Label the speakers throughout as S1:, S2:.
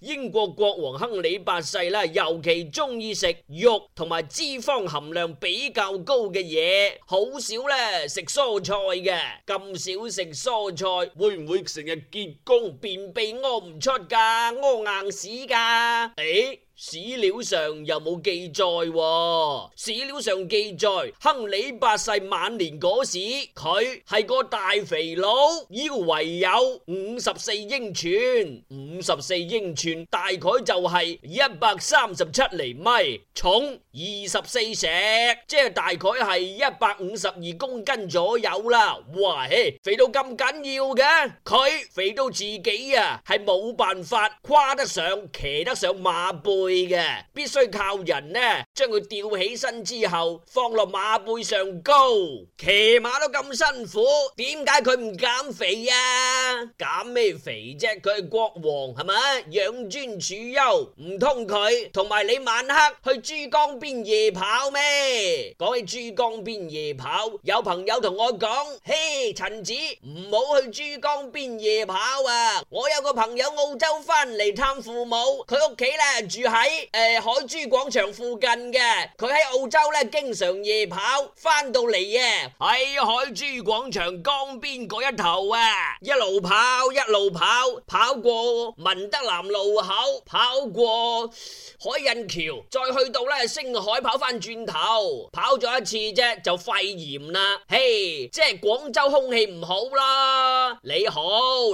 S1: 英國國王亨利八世啦，尤其中意食肉同埋脂肪含量比較高嘅嘢，好少咧食蔬菜嘅。咁少食蔬菜，會唔會成日結功便秘屙唔出㗎，屙硬屎㗎？誒、欸。史料上又冇記載，哦，史料上記載，亨利八世晚年嗰時，佢係個大肥佬，腰圍有五十四英寸，五十四英寸大概就係一百三十七厘米，重二十四石，即係大概係一百五十二公斤左右啦。哇，肥到咁緊要嘅，佢肥到自己啊，係冇辦法跨得上，騎得上馬背。會嘅，必須靠人呢，將佢吊起身之後放落馬背上高，騎馬都咁辛苦，點解佢唔減肥啊？減咩肥啫？佢係國王，係咪？養尊處優，唔通佢同埋你晚黑去珠江邊夜跑咩？講起珠江邊夜跑，有朋友同我講，嘿，陳子唔好去珠江邊夜跑啊！我有個朋友澳洲翻嚟探父母，佢屋企咧住喺。喺誒海珠廣場附近嘅，佢喺澳洲咧經常夜跑翻到嚟啊！喺海珠廣場江邊嗰一頭啊，一路跑一路跑，跑過文德南路口，跑過海印橋，再去到咧星海跑翻轉頭，跑咗一次啫，就肺炎啦！嘿，即係廣州空氣唔好啦！你好，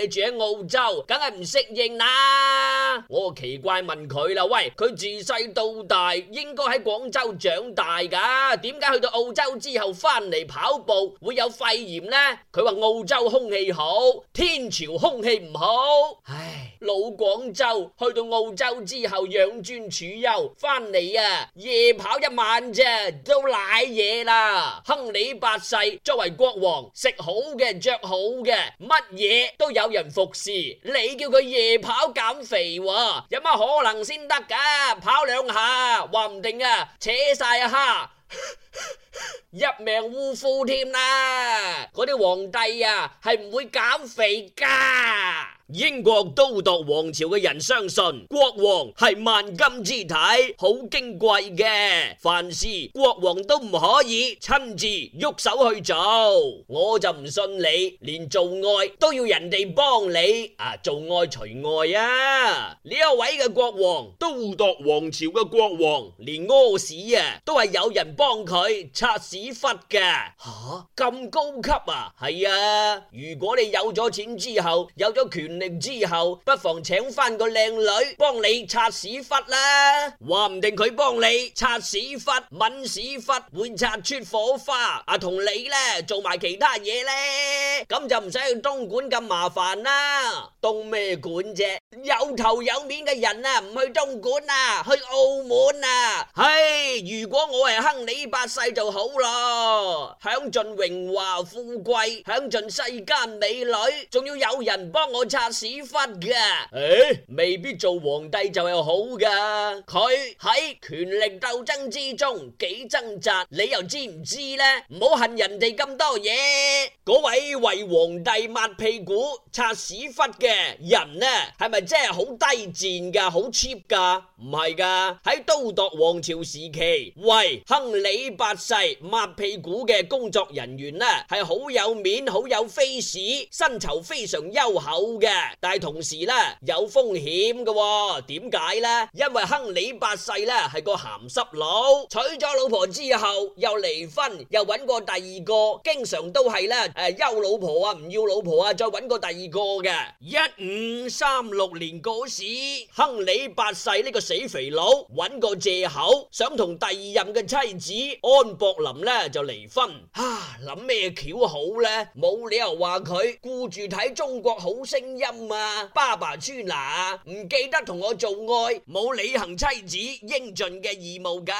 S1: 你住喺澳洲，梗係唔適應啦！我奇怪問佢啦，喂！佢自細到大應該喺廣州長大噶，點解去到澳洲之後翻嚟跑步會有肺炎呢？佢話澳洲空氣好，天朝空氣唔好。唉，老廣州去到澳洲之後養尊處優，翻嚟啊夜跑一晚啫，都瀨嘢啦！亨利八世作為國王，食好嘅，着好嘅，乜嘢都有人服侍，你叫佢夜跑減肥，啊，有乜可能先得噶？啊！跑兩下，話唔定啊，扯晒啊蝦，一命嗚呼添啦！嗰啲皇帝啊，係唔會減肥㗎。英國都鐸王朝嘅人相信國王係萬金之體，好矜貴嘅。凡事國王都唔可以親自喐手去做。我就唔信你連做愛都要人哋幫你啊！做愛除外啊！呢一位嘅國王，都鐸王朝嘅國王，連屙屎啊都係有人幫佢擦屎忽嘅。吓、啊、咁高級啊！係啊！如果你有咗錢之後，有咗權。之後不妨請翻個靚女幫你擦屎忽啦，話唔定佢幫你擦屎忽、揾屎忽會擦出火花，啊同你呢，做埋其他嘢呢，咁就唔使去東莞咁麻煩啦。東咩館啫？有頭有面嘅人啊，唔去東莞啊，去澳門啊。唉，如果我係亨利八世就好咯，享盡榮華富貴，享盡世間美女，仲要有人幫我擦屎忽噶，誒，未必做皇帝就係好噶。佢喺權力鬥爭之中幾掙扎，你又知唔知呢？唔好恨人哋咁多嘢。嗰位為皇帝抹屁股擦屎忽嘅人呢，係咪真係好低賤噶？好 cheap 噶？唔係噶。喺都鐸王朝時期，喂，亨利八世抹屁股嘅工作人員呢，係好有面、好有 face，薪酬非常優厚嘅。但係同時咧，有風險嘅，哦，點解咧？因為亨利八世咧，係個鹹濕佬，娶咗老婆之後又離婚，又揾過第二個，經常都係咧，誒，休老婆啊，唔要老婆啊，再揾過第二個嘅。一五三六年嗰時，亨利八世呢個死肥佬揾個借口，想同第二任嘅妻子安博林咧就離婚。啊，諗咩橋好咧？冇理由話佢顧住睇中國好聲音。啊，爸爸穿哪唔記得同我做愛，冇履行妻子應盡嘅義務噶。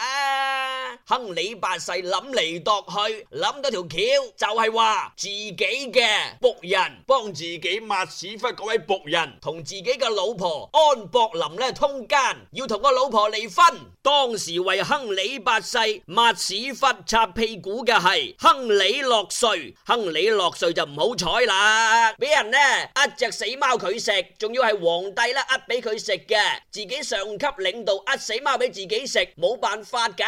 S1: 亨利八世諗嚟度去，諗到條橋就係話自己嘅僕人幫自己抹屎忽嗰位僕人同自己嘅老婆安博林呢通姦，要同個老婆離婚。當時為亨利八世抹屎忽擦屁股嘅係亨利諾瑞，亨利諾瑞就唔好彩啦，俾人呢一隻死貓佢食，仲要係皇帝啦，呃俾佢食嘅，自己上級領導呃死貓俾自己食，冇辦法噶。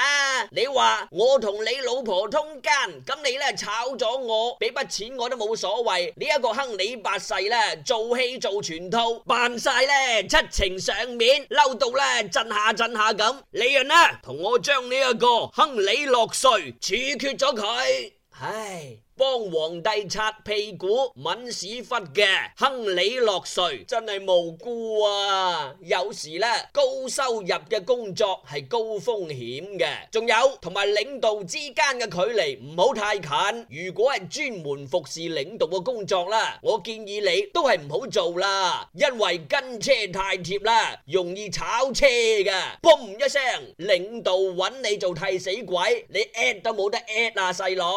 S1: 你話我同你老婆通奸，咁你咧炒咗我，俾筆錢我都冇所謂。呢一個亨利八世啦，做戲做全套，扮晒咧，七情上面嬲到咧震下震下咁。李人啊，同我將呢一個亨利落罪，處決咗佢。唉。幫皇帝擦屁股、吻屎忽嘅亨利洛瑞真係無辜啊！有時呢，高收入嘅工作係高風險嘅，仲有同埋領導之間嘅距離唔好太近。如果係專門服侍領導嘅工作啦，我建議你都係唔好做啦，因為跟車太貼啦，容易炒車㗎。嘣一聲，領導搵你做替死鬼，你 at 都冇得 at 啊，細佬！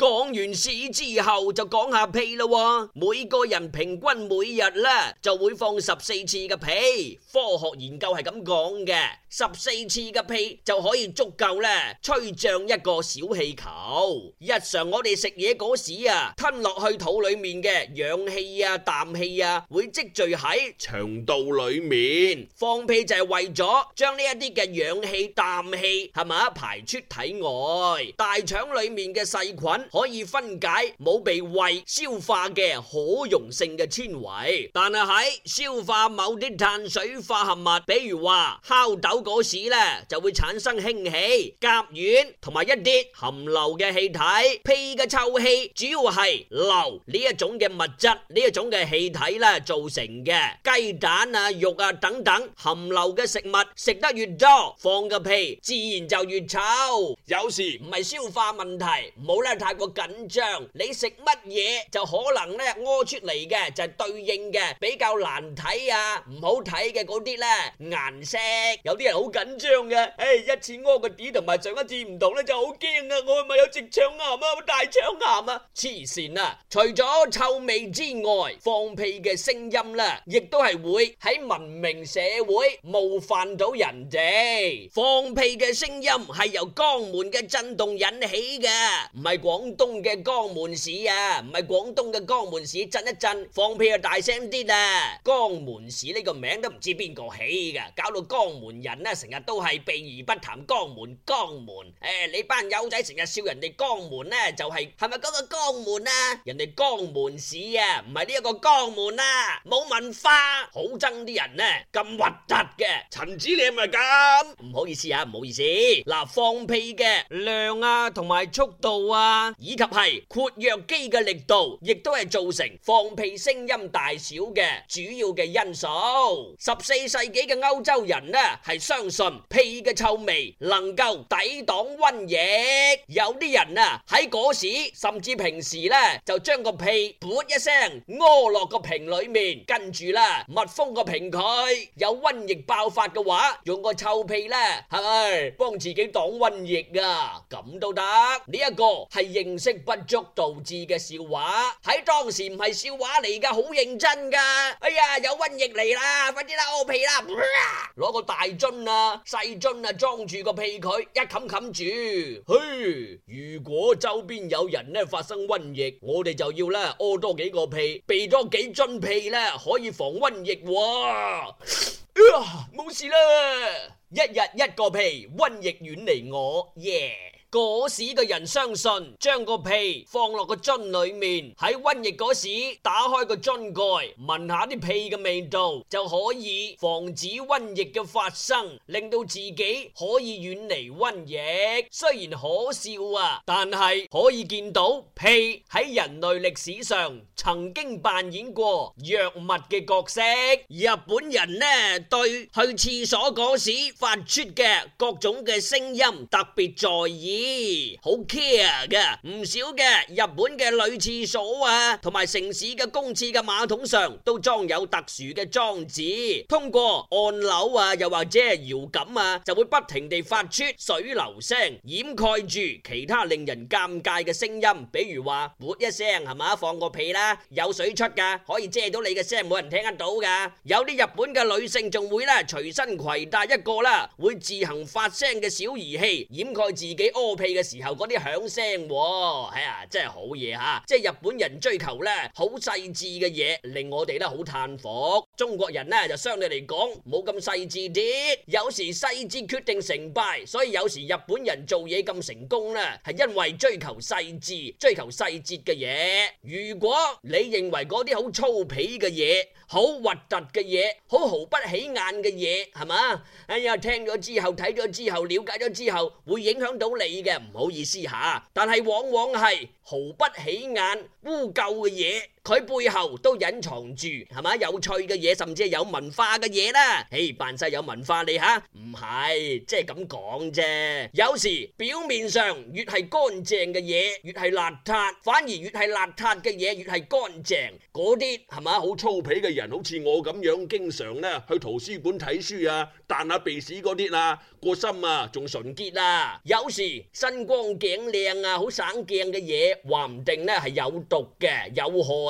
S1: 講完屎之後就講下屁咯，哦，每個人平均每日呢就會放十四次嘅屁，科學研究係咁講嘅，十四次嘅屁就可以足夠呢吹脹一個小氣球。日常我哋食嘢嗰時啊，吞落去肚裏面嘅氧氣啊、氮氣啊，會積聚喺腸道裏面。放屁就係為咗將呢一啲嘅氧氣、氮氣係咪排出體外，大腸裏面嘅細菌。可以分解冇被胃消化嘅可溶性嘅纖維，但係喺消化某啲碳水化合物，比如話烤豆嗰時咧，就會產生氫氣、甲烷同埋一啲含硫嘅氣體。屁嘅臭氣主要係硫呢一種嘅物質呢一種嘅氣體咧造成嘅。雞蛋啊、肉啊等等含硫嘅食物食得越多，放個屁自然就越臭。有時唔係消化問題，唔好咧太。個緊張，你食乜嘢就可能呢，屙出嚟嘅，就係對應嘅，比較難睇啊，唔好睇嘅嗰啲呢，顏色，有啲人好緊張嘅，誒一次屙個屎同埋上一次唔同呢，就好驚啊！我係咪有直腸癌啊？大腸癌啊？黐線啊！除咗臭味之外，放屁嘅聲音咧，亦都係會喺文明社會冒犯到人哋。放屁嘅聲音係由肛門嘅震動引起嘅，唔係廣。東嘅江門市啊，唔係廣東嘅江門市，震一震，放屁又大聲啲啦！江門市呢個名都唔知邊個起噶，搞到江門人呢成日都係避而不談江門，江門誒、哎，你班友仔成日笑人哋江門呢、啊，就係係咪嗰個江門啊？人哋江門市啊，唔係呢一個江門啊，冇文化，好憎啲人呢、啊，咁核突嘅，陳子你係咪咁，唔好意思啊，唔好意思，嗱，放屁嘅量啊，同埋速度啊。以及係括約肌嘅力度，亦都係造成放屁聲音大小嘅主要嘅因素。十四世紀嘅歐洲人呢，係相信屁嘅臭味能夠抵擋瘟疫。有啲人啊，喺嗰時甚至平時呢，就將個屁噗一聲屙落個瓶裏面，跟住啦密封個瓶佢。有瘟疫爆發嘅話，用個臭屁呢係咪幫自己擋瘟疫啊？咁都得呢一個係認識不足導致嘅笑話喺當時唔係笑話嚟㗎，好認真㗎。哎呀，有瘟疫嚟啦，快啲啦屙屁啦！攞、啊、個大樽啊，細樽啊，裝住個屁佢，一冚冚住。嘿，如果周邊有人咧發生瘟疫，我哋就要啦，屙多幾個屁，避多幾樽屁啦，可以防瘟疫。哎呀，冇、啊、事啦，一日一個屁，瘟疫遠離我，耶、yeah.！嗰時嘅人相信,將個屁放落個樽裏面,喺瘟疫嗰時,打開個樽蓋,聞下啲屁嘅味道,就可以防止瘟疫嘅發生,令到自己可以遠離瘟疫。雖然可笑啊,但係可以見到,屁,喺人類歷史上,曾經扮演過,藥物嘅角色。日本人呢,對去廁所嗰時,發出嘅,各種嘅聲音,好 care 噶，唔少嘅日本嘅女廁所啊，同埋城市嘅公廁嘅馬桶上都裝有特殊嘅裝置，通過按鈕啊，又或者搖感啊，就會不停地發出水流聲，掩蓋住其他令人尷尬嘅聲音，比如話噗一聲係咪？放個屁啦，有水出噶，可以遮到你嘅聲，冇人聽得到噶。有啲日本嘅女性仲會咧，隨身攜帶一個啦，會自行發聲嘅小儀器，掩蓋自己屙放屁嘅時候，嗰啲響聲，哎呀，真係好嘢吓！即係日本人追求咧，好細緻嘅嘢，令我哋咧好嘆服。中國人咧就相對嚟講冇咁細緻啲，有時細節決定成敗，所以有時日本人做嘢咁成功啦，係因為追求細緻、追求細節嘅嘢。如果你認為嗰啲好粗鄙嘅嘢、好核突嘅嘢、好毫不起眼嘅嘢，係嘛？哎呀，聽咗之後、睇咗之後、了解咗之後，會影響到你。嘅唔好意思吓，但係往往係毫不起眼污垢嘅嘢。佢背後都隱藏住係嘛有趣嘅嘢，甚至係有文化嘅嘢啦。嘿，扮晒有文化你吓，唔係即係咁講啫。有時表面上越係乾淨嘅嘢，越係邋遢；反而越係邋遢嘅嘢，越係乾淨。嗰啲係嘛好粗鄙嘅人，好似我咁樣，經常咧去圖書館睇書啊，彈下鼻屎嗰啲啦，個心啊仲純潔啦。有時身光頸靚啊，好省鏡嘅嘢，話唔定咧係有毒嘅，有害。